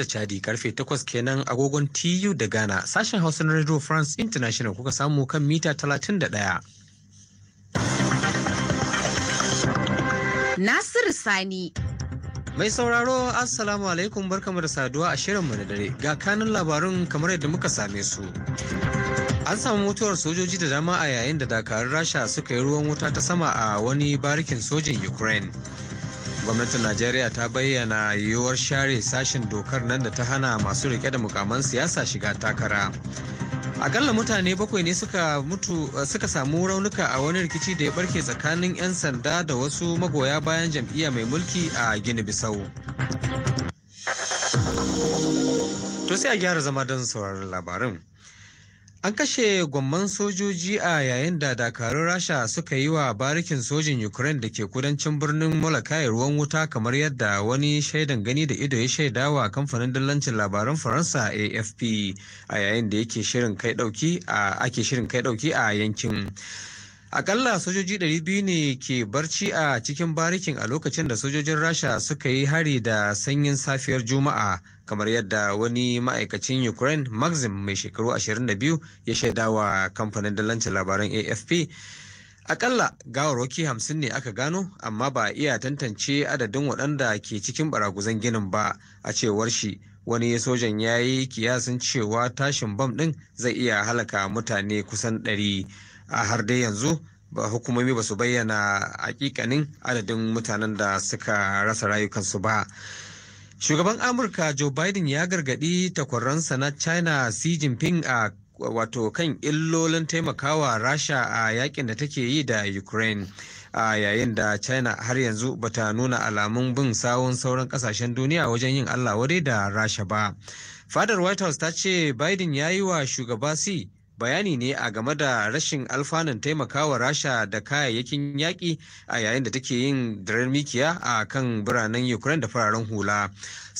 da Chadi karfe 8 kenan agogon TU da Ghana sashen Hausa na Radio France International kuka samu kan mita 31. Nasiru Sani Mai sauraro Assalamu alaikum barkamu da saduwa a shirinmu na dare ga kanun labarun kamar yadda muka same su. An samu mutuwar sojoji da dama a yayin da dakarun Rasha suka yi ruwan wuta ta sama a wani barikin sojin Ukraine. gwamnatin najeriya ta bayyana yiwuwar share sashen dokar nan da ta hana masu rike da mukaman siyasa shiga takara akalla mutane bakwai ne suka suka samu raunuka a wani rikici da ya barke tsakanin 'yan sanda da wasu magoya bayan jam'iyya mai mulki a gini bisau to sai a gyara zama don sauraron labarin An kashe gwamman sojoji a yayin da dakarun Rasha suka yi wa barikin sojin Ukraine da ke kudancin birnin Molokai ruwan wuta kamar yadda wani shaidan gani da ido ya shaida wa kamfanin dillancin labaran Faransa AFP a yayin da ake shirin kai dauki a yankin. Akalla sojoji 200 ne ke barci a cikin barikin a lokacin da sojojin Rasha suka yi hari da sanyin safiyar Juma'a kamar yadda wani ma'aikacin Ukraine Maxim mai shekaru 22 ya shaidawa kamfanin dalancin labaran AFP. Akalla gawarwaki 50 ne aka gano amma ba a iya tantance adadin waɗanda ke cikin baraguzan ginin ba a cewar shi wani sojan ya yi kiyasin cewa tashin bam ɗin zai iya halaka mutane kusan ɗari. a har dai yanzu ba hukumomi ba su bayyana hakikanin adadin mutanen da suka rasa rayukansu ba shugaban amurka joe biden ya gargadi takwaransa na china xi jinping a wato kan illolin taimakawa rasha a yakin da take yi da ukraine a yayin da china har yanzu bata nuna alamun bin sawon sauran kasashen duniya wajen yin allah wadai da rasha ba fadar white house ta ce biden ya yi wa shugaba si bayani ne a game da rashin alfanun taimakawa rasha da kayayyakin yaƙi a yayin da take yin dare mikiya a kan biranen ukraine da fararen hula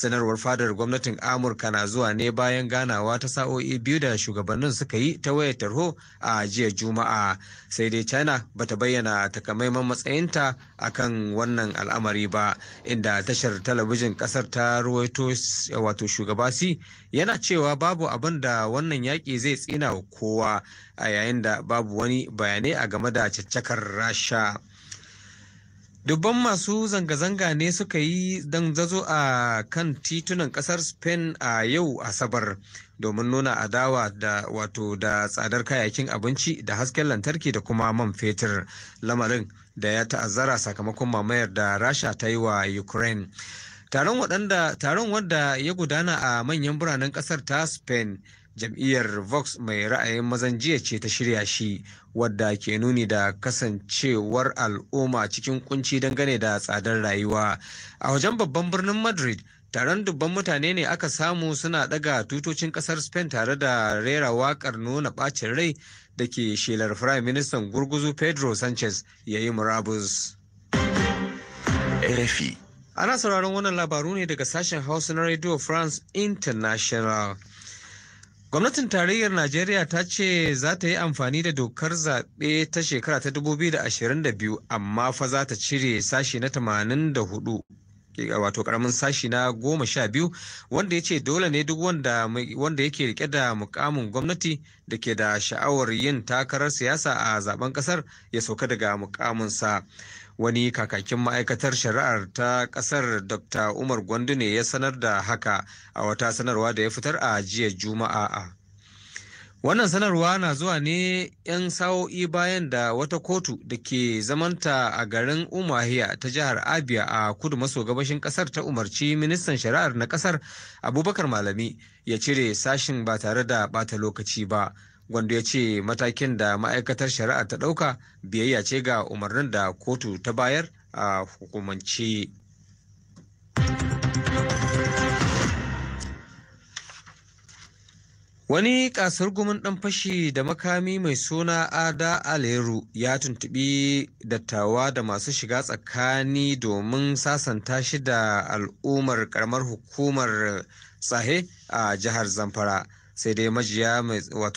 sanarwar fadar gwamnatin amurka na zuwa ne bayan ganawa ta sa'o'i biyu da shugabannin suka yi ta wayar tarho a jiya juma'a sai dai china ba ta bayyana takamaiman matsayinta a kan wannan al'amari ba inda tashar talabijin kasar ta ruwaito wato shugaba si yana cewa babu abin da wannan yaƙi zai tsina wa kowa a yayin da babu wani bayanai a game da caccakar rasha dubban masu zanga-zanga ne suka yi don zazo a kan titunan kasar spain a yau asabar domin nuna adawa da wato da tsadar kayayyakin abinci da hasken lantarki da kuma man fetur lamarin da ya ta'azzara sakamakon mamayar da rasha ta yi wa ukraine taron wadda ya gudana a manyan biranen kasar ta spain jam'iyyar vox mai ra'ayin mazan jiya ce ta shirya shi wadda ke nuni da kasancewar al'umma cikin kunci dangane da tsadar rayuwa a wajen babban birnin madrid taron dubban mutane ne aka samu suna daga tutocin kasar spain tare da rera waƙar nuna bacin rai da ke shelar firayim ministan gurguzu pedro sanchez ya yi murabus ana sauraron wannan labaru ne daga sashen hausa na radio france international Gwamnatin tarayyar Najeriya ta ce za ta yi amfani da dokar zaɓe ta shekara ta 2022 amma fa za ta cire sashi na 84 wato karamin sashi na goma sha biyu wanda ya ce dole ne duk wanda yake rike da mukamin gwamnati da ke da sha'awar yin takarar siyasa a zaben kasar ya sauka daga mukaminsa wani kakakin ma'aikatar shari'ar ta kasar dr umar gwandu ne ya sanar da haka a wata sanarwa da ya fitar a jiya juma'a wannan sanarwa na zuwa ne 'yan sa'o'i bayan da wata kotu da ke zamanta a garin umahiya ta jihar abia a kudu maso gabashin kasar ta umarci ministan shari'ar na kasar abubakar malami ya cire sashin ba tare da bata lokaci ba Gwando ya ce matakin da ma'aikatar shari'a ta ɗauka biyayya ce ga umarnin da kotu ta bayar a hukumance. Wani kasar gumin ɗan fashi da makami mai suna Ada Aleru ya tuntubi dattawa da masu shiga tsakani domin sasanta shi da al'ummar karamar hukumar tsahe a jihar Zamfara. sai dai majiya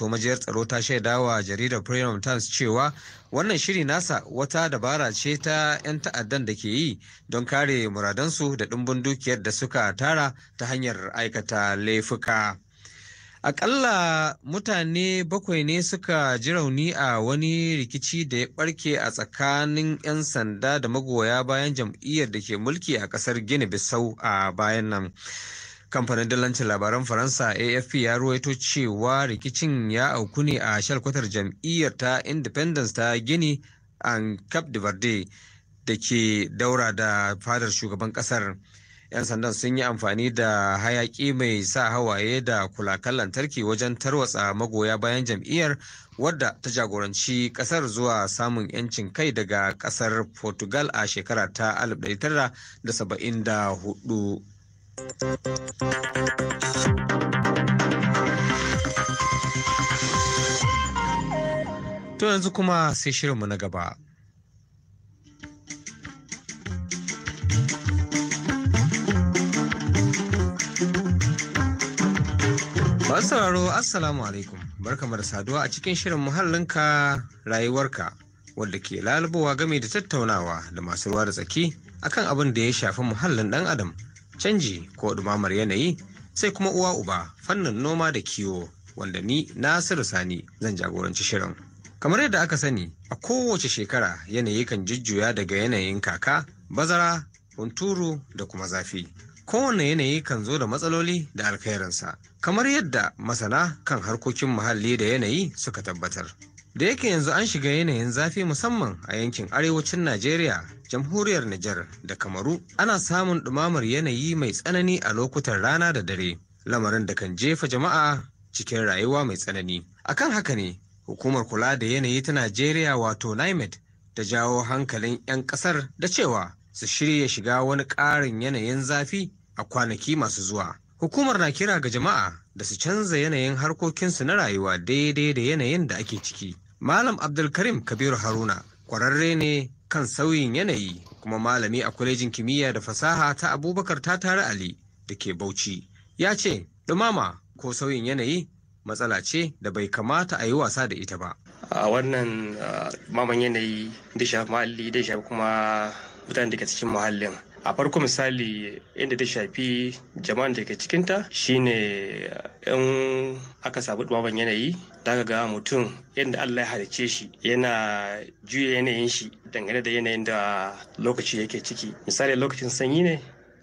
majiyar tsaro ta shaida wa jaridar premium times cewa wannan shiri nasa wata dabara ce ta 'yan ta'addan da ke yi don kare muradansu da ɗimbin dukiyar da suka tara ta hanyar aikata laifuka akalla mutane bakwai ne suka ji rauni a wani rikici da ya barke a tsakanin 'yan sanda da magoya bayan jam'iyyar da ke mulki a ƙasar gini bisau a bayan nan Kamfanin dillancin labaran Faransa AFP ya ruwaito cewa rikicin ya auku ne a shalkwatar jam'iyyar ta Independence ta Gini an Cap de Verde da ke daura da fadar shugaban kasar. 'Yan sandan sun yi amfani da hayaki mai sa hawaye da kulakan lantarki wajen tarwatsa magoya bayan jam'iyyar wadda ta jagoranci kasar zuwa samun 'yancin kai daga kasar Portugal a shekara ta 1974. To yanzu kuma sai shirinmu na gaba. Masu sauraro Assalamu alaikum barkamu da saduwa a cikin shirin muhallinka rayuwarka wadda ke lalubowa game da tattaunawa da masu ruwa da tsaki akan abin da ya shafi muhallin ɗan adam canji ko ɗumamar yanayi sai kuma uwa uba fannin noma da kiwo wanda ni nasiru sani zan jagoranci shirin kamar yadda aka sani a kowace shekara yanayi kan jujjuya daga yanayin kaka bazara hunturu da kuma zafi kowane yanayi kan zo da matsaloli da alkhairinsa kamar yadda masana kan harkokin muhalli da yanayi suka tabbatar da yake yanzu an shiga yanayin zafi musamman a yankin arewacin najeriya jamhuriyar Nijar da Kamaru ana samun ɗumamar yanayi mai tsanani a lokutan rana da dare, lamarin da kan jefa jama'a cikin rayuwa mai tsanani. Akan haka ne, hukumar kula da yanayi ta Najeriya wato NIMED ta jawo hankalin 'yan ƙasar da cewa su shirya shiga wani ƙarin yanayin zafi a kwanaki masu zuwa. Hukumar na kira ga jama'a da su canza yanayin harkokinsu na rayuwa daidai da yanayin da ake ciki. Malam Abdulkarim Kabiru Haruna kwararre ne kan sauyin yanayi kuma malami a kwalejin kimiyya da fasaha ta abubakar ta tatare ali da ke bauchi ya ce dumama ko sauyin yanayi matsala ce da bai kamata a yi wasa da ita ba a wannan maman yanayi da shafi muhalli da shafi kuma mutane daga cikin muhallin a farko misali inda ta shafi jama'an da ke cikinta shine in aka sabu dumaban yanayi daga ga mutum inda allah ya halice shi yana juya yanayin shi dangane da yanayin da lokaci yake ciki misali lokacin sanyi ne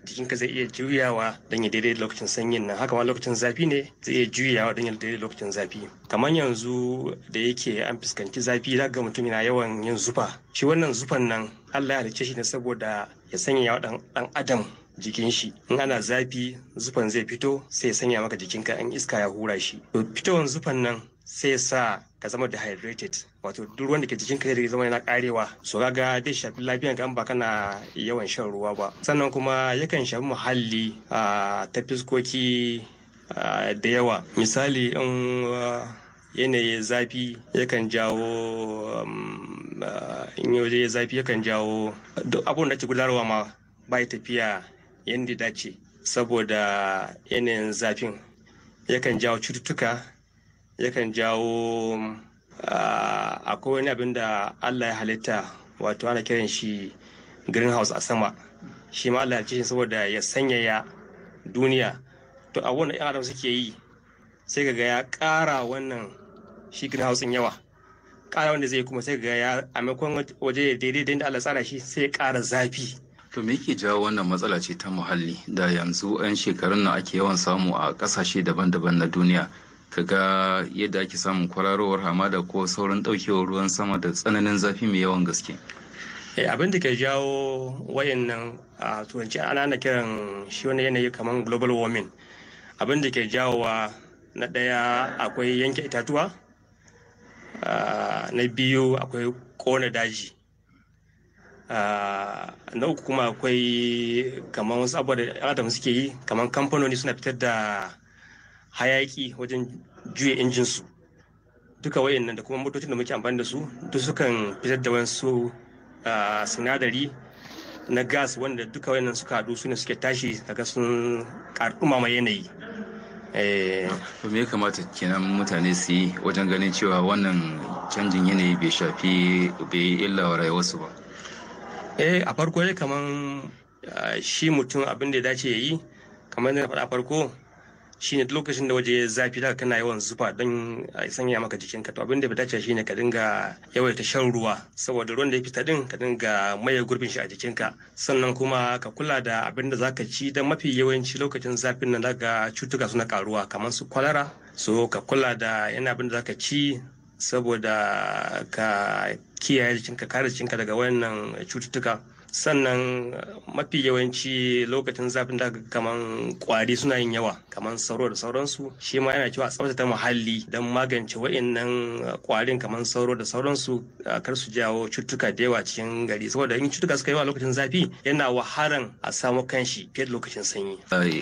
jikinka zai iya juyawa don ya daidai lokacin sanyin nan haka ma lokacin zafi ne zai iya juyawa don ya daidai lokacin zafi kamar yanzu da yake an fuskanci zafi za ga mutum yana yawan yin zufa shi wannan zufan nan Allah ya halicce shi ne saboda ya sanya wa dan adam jikin shi in ana zafi zufan zai fito sai ya sanya maka jikinka in iska ya hura shi to fitowan zufan nan sai sa ka zama dehydrated wato duk ruwan da ke jikinka zai zama yana karewa so kaga zai shafi lafiyan ka ba kana yawan shan ruwa ba sannan kuma yakan shafi muhalli ta fiskoki da yawa misali in yanayin zafi yakan jawo um, in yau zafi yakan jawo duk abun da ke gudanarwa ma ya tafiya yadda dace saboda yanayin zafin yakan jawo cututtuka yakan jawo ah, akwai wani abin da allah ya halitta wato ana kiran shi greenhouse a sama shi ma allah ya shi saboda ya sanyaya duniya to a wannan 'yan adam suke yi sai ga ya ƙara wannan shi greenhouse yawa ƙara wanda zai kuma sai ga ya a maimakon waje daidai da allah tsara shi sai ya ƙara zafi To me yake jawo wannan matsala ce ta muhalli da yanzu 'yan shekarun nan ake yawan samu a kasashe daban-daban na duniya ka ga yadda ake samun kwararowar hamada ko sauran ɗaukewar ruwan sama da tsananin zafi mai yawan gaske eh, abin da ke jawo wayannan a turanci ana na kiran shi wani yanayi kamar global warming abin da ke jawowa na ɗaya akwai yanke itatuwa na biyu akwai kona daji na uku kuma akwai kamar wasu abubuwa da adam suke yi kamar kamfanoni suna fitar da hayaki wajen juya injin su duka wayannan da kuma motocin da muke amfani da su duk sukan fitar da wasu sinadari na gas wanda duka wayannan suka haɗu su ne suke tashi daga sun mai yanayi eh. to me kamata kenan mutane su yi wajen ganin cewa wannan canjin yanayi bai shafi bai illa wa rayuwarsu ba eh a farko dai kaman shi mutum abin da ya dace ya yi kamar da faɗa farko shine lokacin da waje zafi da kana yawan zufa don a sanya maka jikinka to abin da ya dace shine ka dinga yawaita shan ruwa saboda ruwan da ya fita din ka dinga maye gurbin shi a jikinka sannan kuma ka kula da abin da zaka ci don mafi yawanci lokacin zafin nan daga cutuka suna karuwa kamar su kwalara so ka kula da yana abin da zaka ci saboda ka kiyaye jikinka kare jikinka daga wayannan cututtuka sannan uh, mafi yawanci lokacin zafin da kamar kwari suna yin yawa kamar sauro da sauransu shi ma yana cewa tsaftace muhalli don magance wa'annan uh, kwarin kamar sauro da sauransu uh, kar su jawo cututtuka da yawa cikin gari saboda in cututtuka suka yawa lokacin zafi yana wahalan a samu kanshi fiye da lokacin sanyi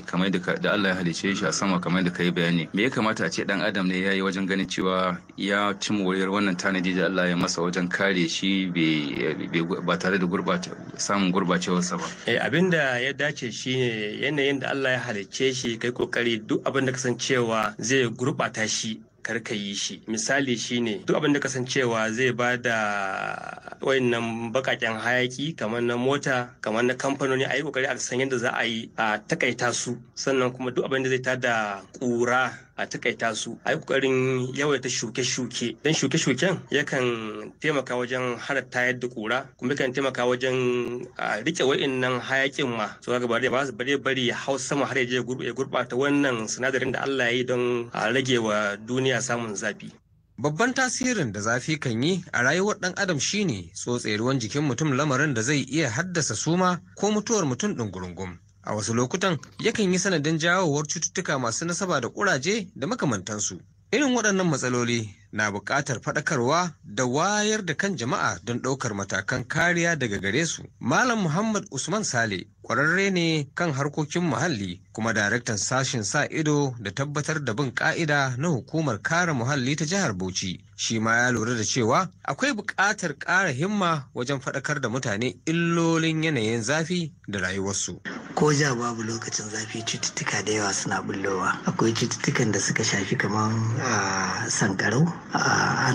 kamar da Allah ya halice shi a sama kamar da kai bayani me ya kamata a ce dan adam ne ya yi wajen ganin cewa ya cimma wannan tanadi da Allah ya masa wajen kare shi ba tare da gurbata samun gurbacewarsa ba. Eh, abin da ya dace shi ne yanayin da Allah ya halicce shi kai kokari duk abin da cewa zai gurbata shi karka yi shi misali shine duk abin da cewa zai ba da wayannan bakaken hayaki kamar na mota kamar na kamfanoni a yi kokari a san yadda za a yi a takaita su sannan kuma duk abin da zai tada kura a takaita su a yi kokarin yawaita shuke-shuke don shuke-shuken yakan taimaka wajen hada tayar da kura kuma yakan taimaka wajen rike wa'innan hayakin ma su ga bari ba su bari bari hau sama har ya je ya gurbata wannan sinadarin da Allah ya yi don a rage wa duniya samun zafi Babban tasirin da zafi kan yi a rayuwar ɗan adam shine tsotse ruwan jikin mutum lamarin da zai iya haddasa suma ko mutuwar mutum ɗin gurungum. a wasu lokutan yakan yi sanadin jawowar cututtuka masu nasaba da ƙuraje da makamantansu irin waɗannan matsaloli na buƙatar faɗakarwa da wayar da kan jama'a don ɗaukar matakan kariya daga gare su malam muhammad usman sale kwararre ne kan harkokin muhalli kuma daraktan sashen sa ido da tabbatar da bin ka'ida na hukumar kare muhalli ta jihar Bauchi. Shi ma ya lura da cewa akwai buƙatar ƙara himma wajen faɗakar da mutane illolin yanayin zafi da rayuwarsu. Ko ja babu lokacin zafi cututtuka da yawa suna bullowa. Akwai cututtukan da suka shafi kamar a ah, sankarau a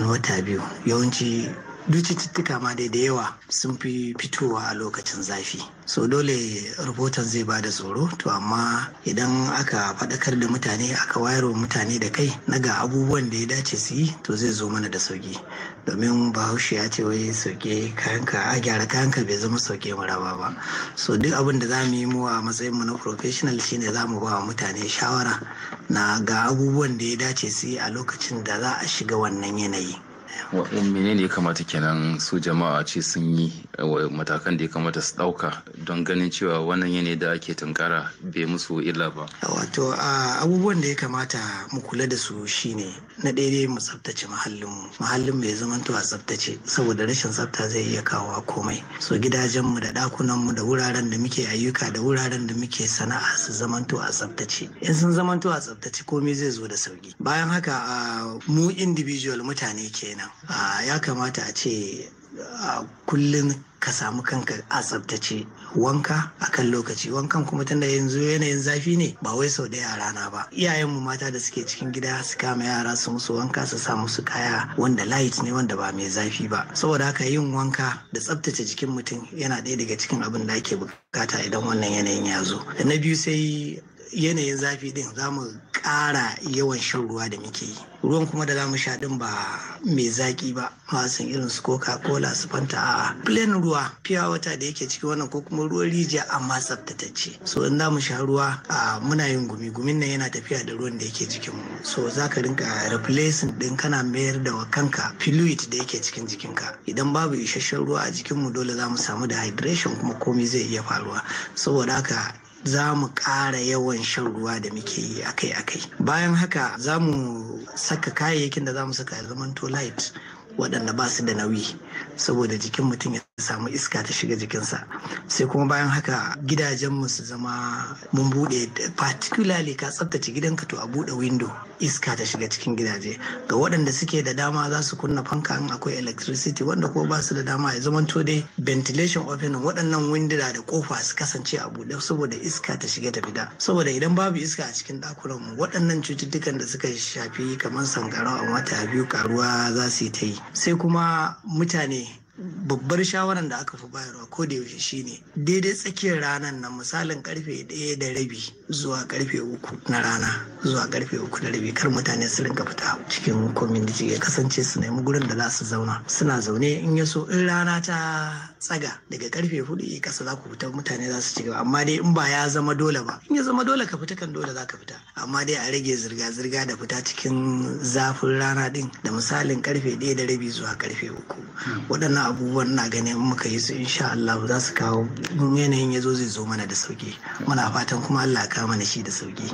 ah, wata biyu. Yawanci duk cututtuka ma dai da yawa sun fi fitowa a lokacin zafi so dole rahoton zai ba da tsoro to amma idan aka faɗakar da mutane aka wayar wa mutane da kai na ga abubuwan da ya dace su yi to zai zo mana da sauki domin bahaushe ya ce wai sauke kayanka a gyara kayanka bai zama sauke maraba ba so duk abin da za mu yi mu a matsayin mu na professional shine za mu ba wa mutane shawara na ga abubuwan da ya dace su yi a lokacin da za a shiga wannan yanayi waɗin menene ya kamata kenan su jama'a ce sun yi eh, matakan da ya kamata su ɗauka don ganin cewa wannan yane da ake tunkara bai musu illa ba wato abubuwan da ya kamata mu kula da su shine na daidai mu tsaftace mu. muhallin ya zamanto a tsaftace saboda rashin tsafta zai iya kawo komai so gidajen mu da ɗakunanmu da wuraren da muke ayyuka da wuraren da muke sana'a su zamanto a tsaftace in sun zamanto a tsaftace komai zai zo da sauki bayan haka mu individual mutane kenan kenan ya kamata a ce a kullum ka samu kanka a tsabtace wanka a kan lokaci wankan kuma tunda yanzu yanayin zafi ne ba wai sau daya a rana ba iyayen mu mata da suke cikin gida su kama yara su musu wanka su sa musu kaya wanda light ne wanda ba mai zafi ba saboda haka yin wanka da tsabtace jikin mutum yana daya daga cikin abin da ake bukata idan wannan yanayin ya zo na biyu sai yanayin zafi din za mu ƙara yawan shan ruwa da muke yi ruwan kuma da za mu sha din ba mai zaki ba masu irin su coca cola su fanta a plain ruwa fiya wata da yake cikin wannan ko kuma ruwan rijiya amma tsaftatacce so in za mu sha ruwa a muna yin gumi gumin nan yana tafiya da ruwan da yake cikin mu so za ka rinka replacing din kana mayar da kanka fluid da yake cikin jikinka idan babu isasshen ruwa a jikin mu dole za mu samu da hydration kuma komai zai iya faruwa saboda haka za mu ƙara yawan shan ruwa da muke yi akai-akai bayan haka za mu saka kayayyakin da za mu saka ya zamanto light waɗanda ba su da nauyi saboda jikin mutum ya samu iska ta shiga jikinsa sai kuma bayan haka gidajenmu su zama mun buɗe particularly ka tsabtace gidanka to a buɗe window iska ta shiga cikin gidaje ga waɗanda suke da dama za su kunna fanka in akwai electricity wanda kuma ba su da dama ya zamanto dai ventilation opening waɗannan window da kofa su kasance a buɗe saboda iska ta shiga ta fita saboda idan babu iska a cikin ɗakunan mu waɗannan cututtukan da suka shafi kamar sankara a wata biyu karuwa za su yi ta yi sai kuma mutane ne babbar shawaran da aka fi bayarwa ko da yaushe shine daidai tsakiyar ranar na misalin karfe ɗaya da rabi zuwa karfe uku na rana zuwa karfe uku da rabi kar mutane su rinka fita cikin community ya kasance su nemi gurin da za su zauna suna zaune in ya so in rana ta tsaga daga karfe hudu ya kasa za ku fita mutane za su ci gaba amma dai in ba ya zama dole ba in ya zama dole ka fita kan dole za ka fita amma dai a rage zirga-zirga da fita cikin zafin rana din da misalin karfe daya da rabi zuwa karfe uku waɗannan abubuwan na ganin muka yi su insha Allah za su kawo yanayin ya zo zai zo mana da sauki muna fatan kuma Allah kawo mana shi da sauki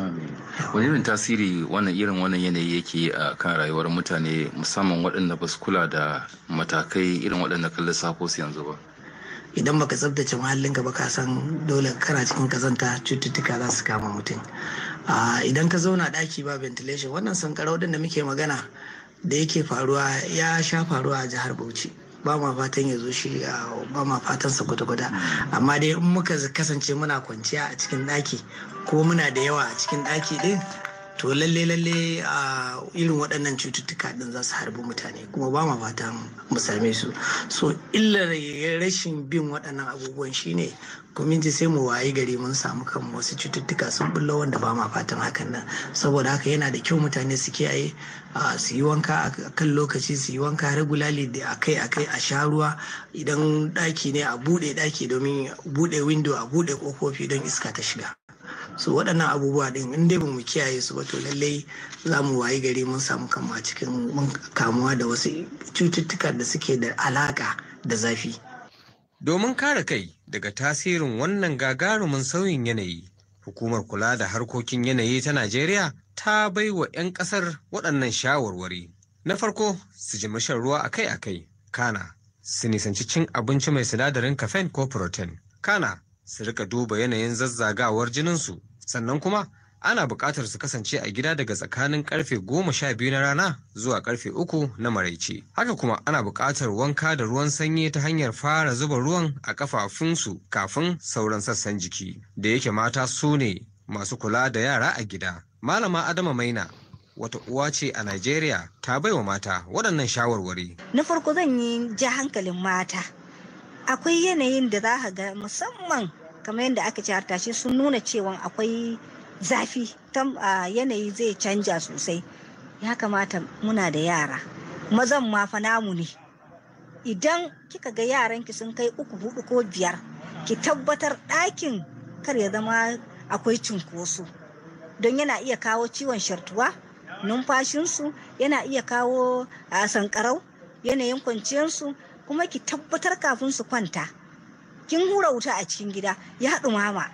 wani irin tasiri wannan irin wannan yanayi yake a kan rayuwar mutane musamman waɗanda ba su kula da matakai irin waɗanda kan lissafo su yanzu ba idan baka tsabtace muhallinka ba ka san dole kana cikin kazanta cututtuka za su kama mutum idan ka zauna daki ba ventilation wannan sankarau da muke magana da yake faruwa ya sha faruwa a jihar bauchi ba ma fatan ya zo shi ba ma fatan sa kwata-kwata amma dai in muka kasance muna kwanciya a cikin ɗaki ko muna da yawa a cikin ɗaki ɗin to lalle lalle a irin waɗannan cututtuka ɗin za su harbi mutane kuma ba ma fata mu same su so illar rashin bin waɗannan abubuwan shine kuminci sai mu wayi gari mun samu kan wasu cututtuka sun bullo wanda ba ma fatan hakan nan saboda haka yana da kyau mutane su kiyaye su yi wanka a kan lokaci su yi wanka regularly da akai akai a sha ruwa idan ɗaki ne a buɗe ɗaki domin buɗe window a buɗe kofofi don iska ta shiga su waɗannan abubuwa ɗin in dai mu kiyaye su ba to lallai za mu wayi gari mun samu kama cikin kamuwa da wasu cututtuka da suke da alaƙa da zafi domin kare kai daga tasirin wannan gagarumin sauyin yanayi hukumar kula da harkokin yanayi ta najeriya ta bai wa 'yan ƙasar waɗannan shawarwari na farko su ji mashan ruwa akai-akai kana su nisanci cin abinci mai sinadarin caffeine ko protein kana su rika duba yanayin zazzagawar jininsu sannan kuma ana buƙatar su kasance a gida daga tsakanin karfe goma sha biyu na rana zuwa karfe uku na maraice haka kuma ana buƙatar wanka da ruwan sanyi ta hanyar fara zuba ruwan a kafafunsu kafin sauran sassan jiki da yake mata su ne masu kula da yara a gida malama adama maina wata uwa ce a Najeriya ta bai wa mata waɗannan shawarwari. Na farko zan yi ja hankalin mata. Akwai yanayin da za ga musamman kamar yadda aka ce tashi sun nuna cewa akwai zafi yanayi zai canja sosai ya kamata muna da yara mazan ma fa namu ne idan kika ga yaranki sun kai uku hudu ko biyar ki tabbatar ɗakin kar ya zama akwai cunkoso don yana iya kawo ciwon shartuwa numfashinsu yana iya kawo sankarau yanayin kwanciyarsu kuma ki tabbatar kafin su kwanta kin hura wuta a cikin gida ya ɗumama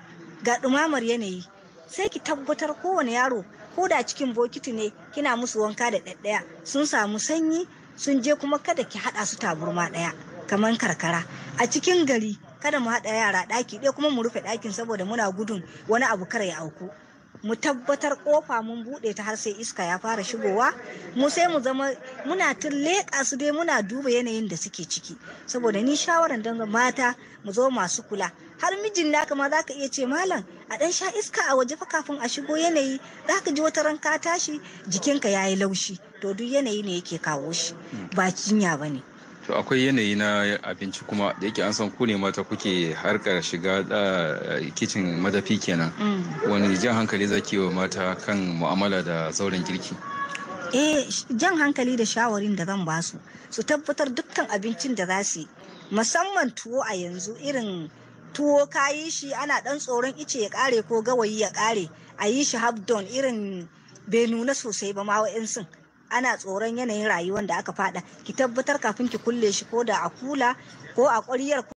ga dumamar yanayi sai ki tabbatar kowane yaro ko da cikin bokiti ne kina musu wanka da ɗaɗɗaya sun samu sanyi sun je kuma kada ki haɗa su taburma ɗaya kamar karkara a cikin gari kada mu haɗa yara ɗaki ɗaya kuma mu rufe ɗakin saboda muna gudun wani abu kara ya auku mu tabbatar kofa mun bude ta har sai iska ya fara shigowa mu sai mu zama muna tun leƙa su dai muna duba yanayin da suke ciki saboda ni shawaran don mata mu zo masu kula har mijin naka ma zaka iya ce malam a dan sha iska a waje fa kafin a shigo yanayi zaka ji wata ranka tashi jikinka yayi laushi to duk yanayi ne yake kawo shi ba kinya bane to akwai yanayi na abinci kuma da yake an san ku ne mata kuke harkar shiga da kicin madafi kenan mm. wani jan hankali zaki wa mata kan mu'amala da zauren girki eh jan hankali da shawarin da zan ba su su tabbatar dukkan abincin da za su musamman tuwo a yanzu irin tuwo kayi shi ana dan tsoron ice ya kare ko gawayi ya kare a yi shi habdon irin bai nuna sosai ba ma sun. ana tsoron yanayin rayuwar da aka fada ki tabbatar kafin ki kulle shi ko da a kula ko a ƙwaryar